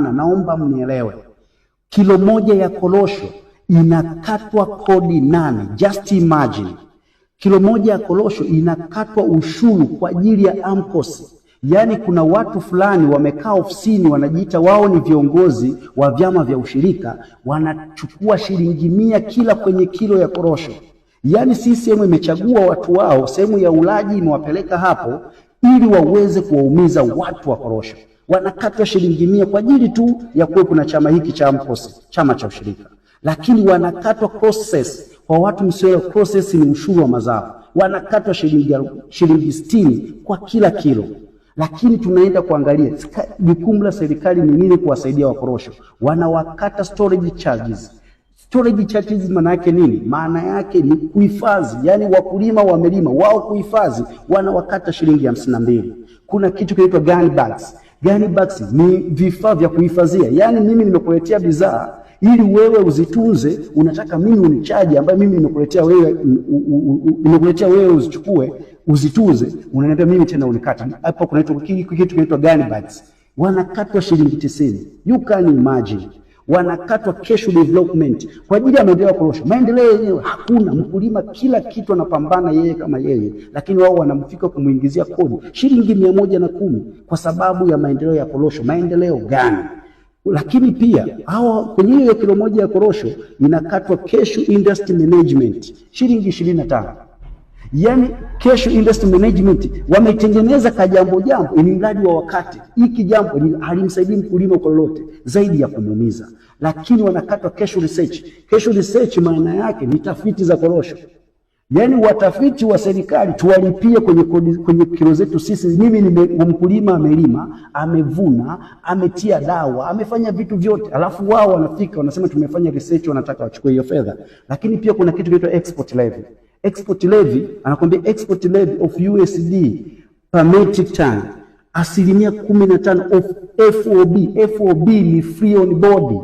Naomba mnielewe, kilo moja ya korosho inakatwa kodi nane. Just imagine kilo moja ya korosho inakatwa ushuru kwa ajili ya amkosi. Yaani kuna watu fulani wamekaa ofisini wanajiita wao ni viongozi wa vyama vya ushirika, wanachukua shilingi mia kila kwenye kilo ya korosho. Yaani CCM imechagua watu wao, sehemu ya ulaji imewapeleka hapo ili waweze kuwaumiza watu wa korosho wanakatwa shilingi mia kwa ajili tu ya kuwepo na chama hiki cha AMCOS, chama cha ushirika, lakini wanakatwa process. Kwa watu msioelewa, process ni ushuru wa mazao, wanakatwa shilingi shilingi sitini kwa kila kilo lakini tunaenda kuangalia jukumu la serikali ni nini kuwasaidia wakorosho. Wanawakata storage charges. Storage charges maana yake nini? Maana yake ni kuhifadhi, yani wakulima wamelima wao kuhifadhi, wanawakata shilingi hamsini na mbili. Kuna kitu kinaitwa gun balance. Gani box ni vifaa vya kuhifadhia. Yaani mimi nimekuletea bidhaa ili wewe uzitunze, unataka mimi unichaji ambaye mimi nimekuletea wewe, nimekuletea wewe uzichukue uzitunze, unaniambia mimi tena unikate. Hapo kunaitwa kitu kinaitwa gun bags, wanakatwa shilingi 90. You can imagine wanakatwa kesho development kwa ajili ya maendeleo ya korosho. Maendeleo yenyewe hakuna, mkulima kila kitu anapambana yeye kama yeye, lakini wao wanamfika kumwingizia kodi shilingi mia moja na kumi kwa sababu ya maendeleo ya korosho. Maendeleo gani? Lakini pia hawa kwenye hiyo kilo moja ya korosho inakatwa kesho industry management shilingi ishirini na tano Yaani cash investment management wametengeneza kajambo jambo, ni mradi wa wakati. Hiki jambo halimsaidii mkulima kwa lolote zaidi ya kumuumiza, lakini wanakatwa cash research. Cash research maana yake ni tafiti za korosho. Yaani watafiti wa serikali tuwalipie kwenye, kwenye kilo zetu sisi. Mimi ni mkulima, amelima, amevuna, ametia dawa, amefanya vitu vyote, alafu wao wanafika wanasema tumefanya research, wanataka wachukue hiyo fedha. Lakini pia kuna kitu kinaitwa export levy export levy, anakwambia export levy of USD per metric ton asilimia kumi na tano of FOB. FOB ni free on board.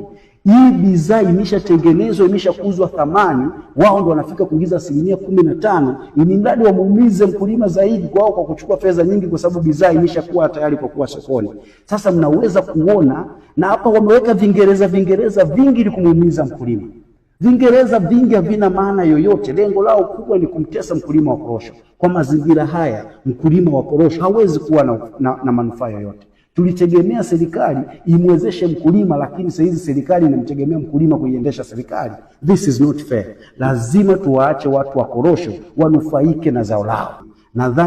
Hii bidhaa imeshatengenezwa imeshakuzwa thamani, wao ndo wanafika kuingiza asilimia kumi na tano ili mradi wamuumize mkulima zaidi kwao kwa kuchukua fedha nyingi, kwa sababu bidhaa imeshakuwa tayari kwa kuwa sokoni. Sasa mnaweza kuona, na hapa wameweka vingereza vingereza vingi ili kumuumiza mkulima. Vingereza vingi havina maana yoyote. Lengo lao kubwa ni kumtesa mkulima wa korosho. Kwa mazingira haya, mkulima wa korosho hawezi kuwa na, na, na manufaa yoyote. Tulitegemea serikali imwezeshe mkulima, lakini sasa hizi serikali inamtegemea mkulima kuiendesha serikali. This is not fair. Lazima tuwaache watu wa korosho wanufaike na zao lao. Nadhani